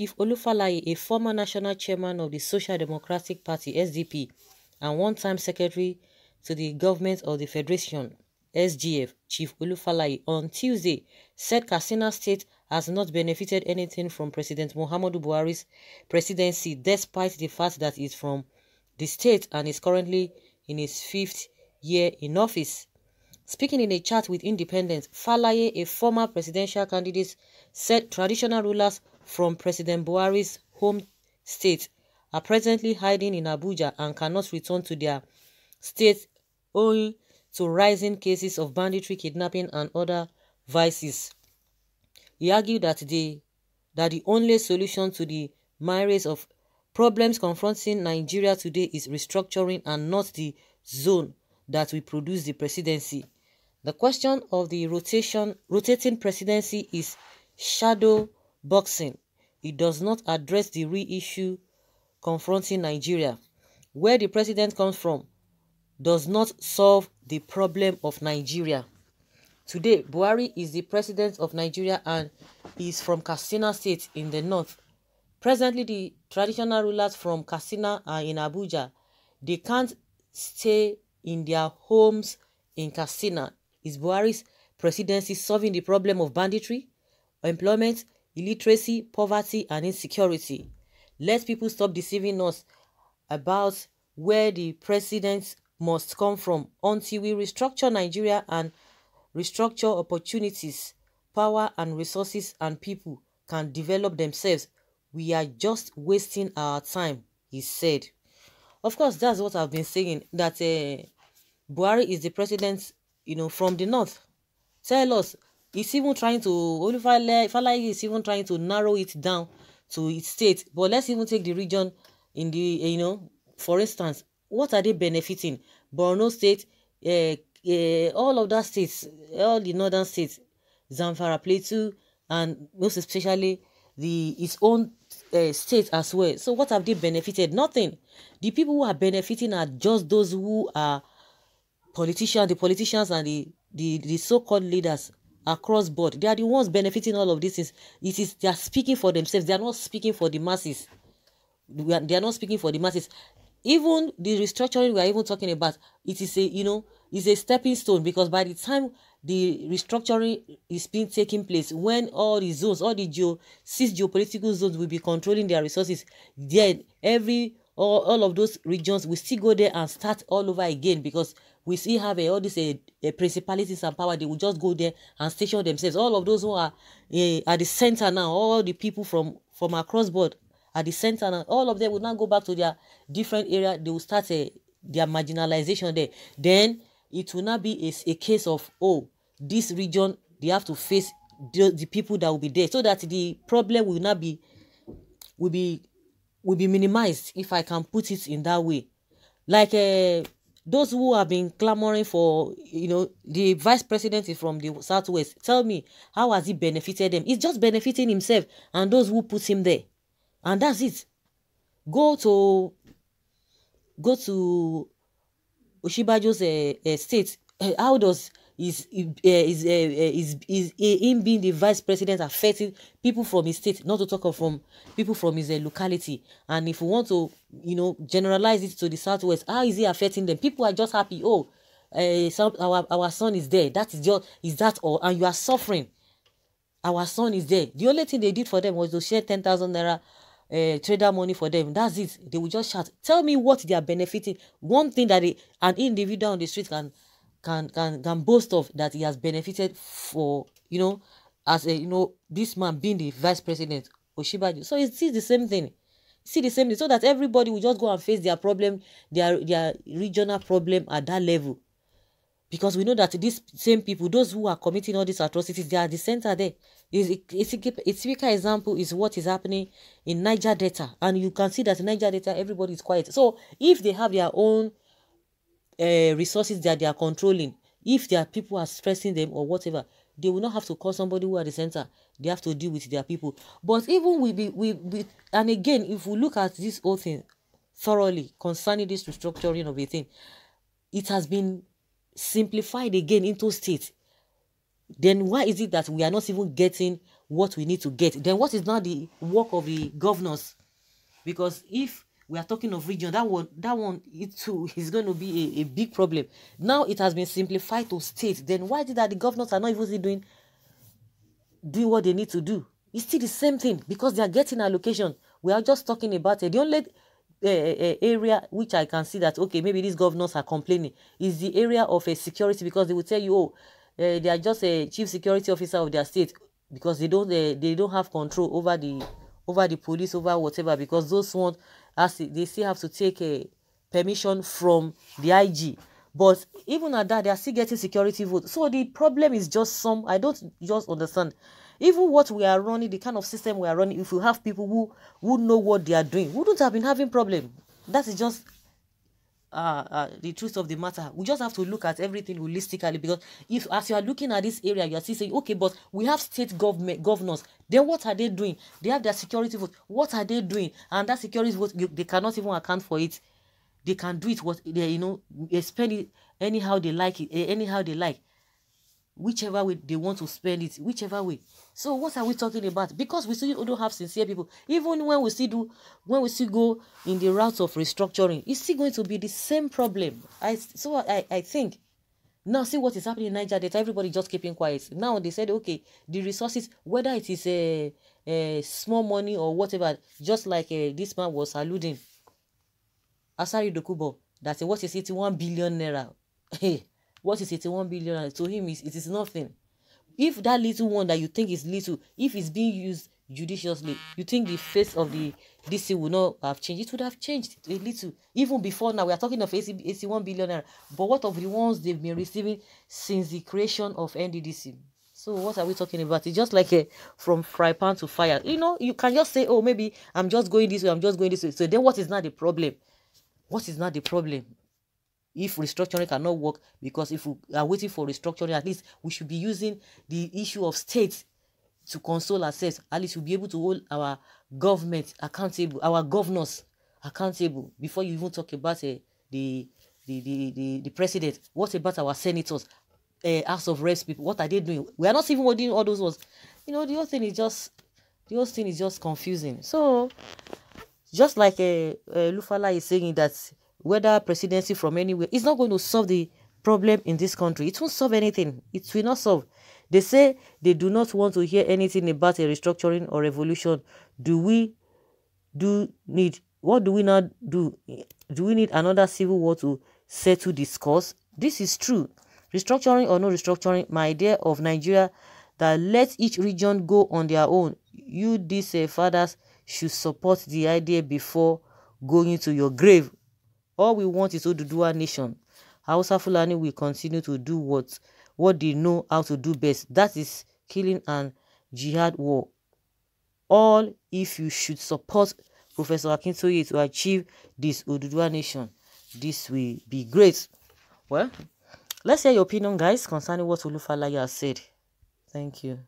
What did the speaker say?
Chief Olufalaye, a former national chairman of the Social Democratic Party SDP and one-time secretary to the government of the Federation SGF, Chief Olufalaye, on Tuesday said Katsina State has not benefited anything from President Muhammadu Buhari's presidency despite the fact that he's from the state and is currently in his fifth year in office. Speaking in a chat with Independence, Falaye, a former presidential candidate, said traditional rulers from President Buhari's home state are presently hiding in Abuja and cannot return to their state owing to rising cases of banditry, kidnapping, and other vices. He argued that the, that the only solution to the myriad of problems confronting Nigeria today is restructuring and not the zone that will produce the presidency. The question of the rotation, rotating presidency is shadow boxing it does not address the real issue confronting Nigeria. Where the president comes from does not solve the problem of Nigeria. Today, Buhari is the president of Nigeria and is from Kasina State in the north. Presently, the traditional rulers from Kasina are in Abuja. They can't stay in their homes in Kasina. Is Buhari's presidency solving the problem of banditry, employment, illiteracy, poverty, and insecurity. Let people stop deceiving us about where the president must come from until we restructure Nigeria and restructure opportunities, power and resources and people can develop themselves. We are just wasting our time, he said. Of course, that's what I've been saying, that uh, Buhari is the president, you know, from the north. Tell us it's even trying to, Olufalaye is even trying to narrow it down to its state. But let's even take the region in the, you know, for instance, what are they benefiting? Borno State, uh, uh, all of that states, all the northern states, Zamfara Plateau, and most especially the its own uh, state as well. So what have they benefited? Nothing. The people who are benefiting are just those who are politicians, the politicians and the, the, the so-called leaders across board. They are the ones benefiting all of this. Is it is they are speaking for themselves. They are not speaking for the masses. They are, they are not speaking for the masses. Even the restructuring we are even talking about, it is a you know is a stepping stone because by the time the restructuring is being taking place, when all the zones, all the geo six geopolitical zones will be controlling their resources, then every all, all of those regions we still go there and start all over again because we still have eh, all these eh, eh, principalities and power they will just go there and station themselves all of those who are at the center now all the people from from across board at the center now all of them will now go back to their different area they will start their marginalization there then it will not be a, a case of oh this region they have to face the, the people that will be there so that the problem will not be will be will be minimized if I can put it in that way. Like uh, those who have been clamoring for, you know, the vice president is from the southwest. Tell me, how has he benefited them? He's just benefiting himself and those who put him there. And that's it. Go to go to Oshibajo's uh, state. How does is is eh, eh, eh, is is him being the vice president affecting people from his state not to talk of from people from his locality and if we want to you know generalize it to the southwest how is he affecting them people are just happy oh uh, some, our our son is there that is just is that all and you are suffering our son is there the only thing they did for them was to share ten thousand naira uh, trader money for them. That's it. They will just shout. Tell me what they are benefiting. One thing that they, an individual on the street can can can can boast of that he has benefited for you know as a you know this man being the vice president Oshibaju. So it's see the same thing. See the same thing. So that everybody will just go and face their problem, their their regional problem at that level. Because we know that these same people, those who are committing all these atrocities, they are the center there. It's, a typical example is what is happening in Niger Delta. And you can see that in Niger Delta, everybody is quiet. So if they have their own Eh, resources that they are controlling, if their people are stressing them or whatever, they will not have to call somebody who are the center. They have to deal with their people. But even we be we be, and again, if we look at this whole thing thoroughly concerning this restructuring of a thing, it has been simplified again into states. Then why is it that we are not even getting what we need to get? Then what is now the work of the governors? Because if we are talking of region that one that one it too is going to be a, a big problem now it has been simplified to state then why did that the governors are not even doing doing what they need to do it's still the same thing because they are getting allocation we are just talking about it the only uh, uh, area which i can see that okay maybe these governors are complaining is the area of uh, security because they will tell you oh uh, they are just a chief security officer of their state because they don't they don't have control over the over the police over whatever because those ones has they still have to take a eh, permission from the IG. But even at that, they are still getting security votes. So the problem is just some, I don't just understand. Even what we are running, the kind of system we are running, if you have people who, who know what they are doing, wouldn't have been having problem. That is just uh, uh, the truth of the matter. We just have to look at everything holistically because if as you are looking at this area, you are still saying, okay, but we have state government governors. Then what are they doing? They have their security vote. What are they doing? And that security vote, you, they cannot even account for it. They can do it what they you know, spend it anyhow they like it, eh, anyhow they like. whichever way they want to spend it, whichever way. So what are we talking about? Because we still don't have sincere people. Even when we still do, when we still go in the route of restructuring, it's still going to be the same problem. I so I, I think now see what is happening in Niger Delta. Everybody just keeping quiet. Now they said okay, the resources, whether it is a, eh, a eh, small money or whatever, just like uh, this man was alluding, Asari Dokubo, that what is it, one billion naira. Hey, what is 81 billion to him is it is nothing if that little one that you think is little if it's being used judiciously you think the face of the dc would not have changed it would have changed a little even before now we are talking of 80, 81 billion naira but what of the ones they've been receiving since the creation of nddc so what are we talking about it's just like a from fry pan to fire you know you can just say oh maybe i'm just going this way i'm just going this way so then what is not the problem what is not the problem if restructuring cannot work because if we are waiting for restructuring at least we should be using the issue of states to console ourselves at least we'll be able to hold our government accountable our governors accountable before you even talk about uh, the, the, the the the president what about our senators uh, house of reps people what are they doing we are not even doing all those ones you know the whole thing is just the whole thing is just confusing so just like uh, uh, lufala is saying that whether presidency from anywhere, it's not going to solve the problem in this country. It won't solve anything. It will not solve. They say they do not want to hear anything about a restructuring or revolution. Do we do need what do we not do? Do we need another civil war to settle this cause? This is true. Restructuring or no restructuring, my idea of Nigeria that let each region go on their own. You, these eh, fathers, should support the idea before going to your grave all we want is Odudua nation. Hausa Fulani will continue to do what, what they know how to do best. That is killing and jihad war. All if you should support Professor Akintoye to achieve this Odudua nation. This will be great. Well, let's hear your opinion, guys, concerning what Olufalaya said. Thank you.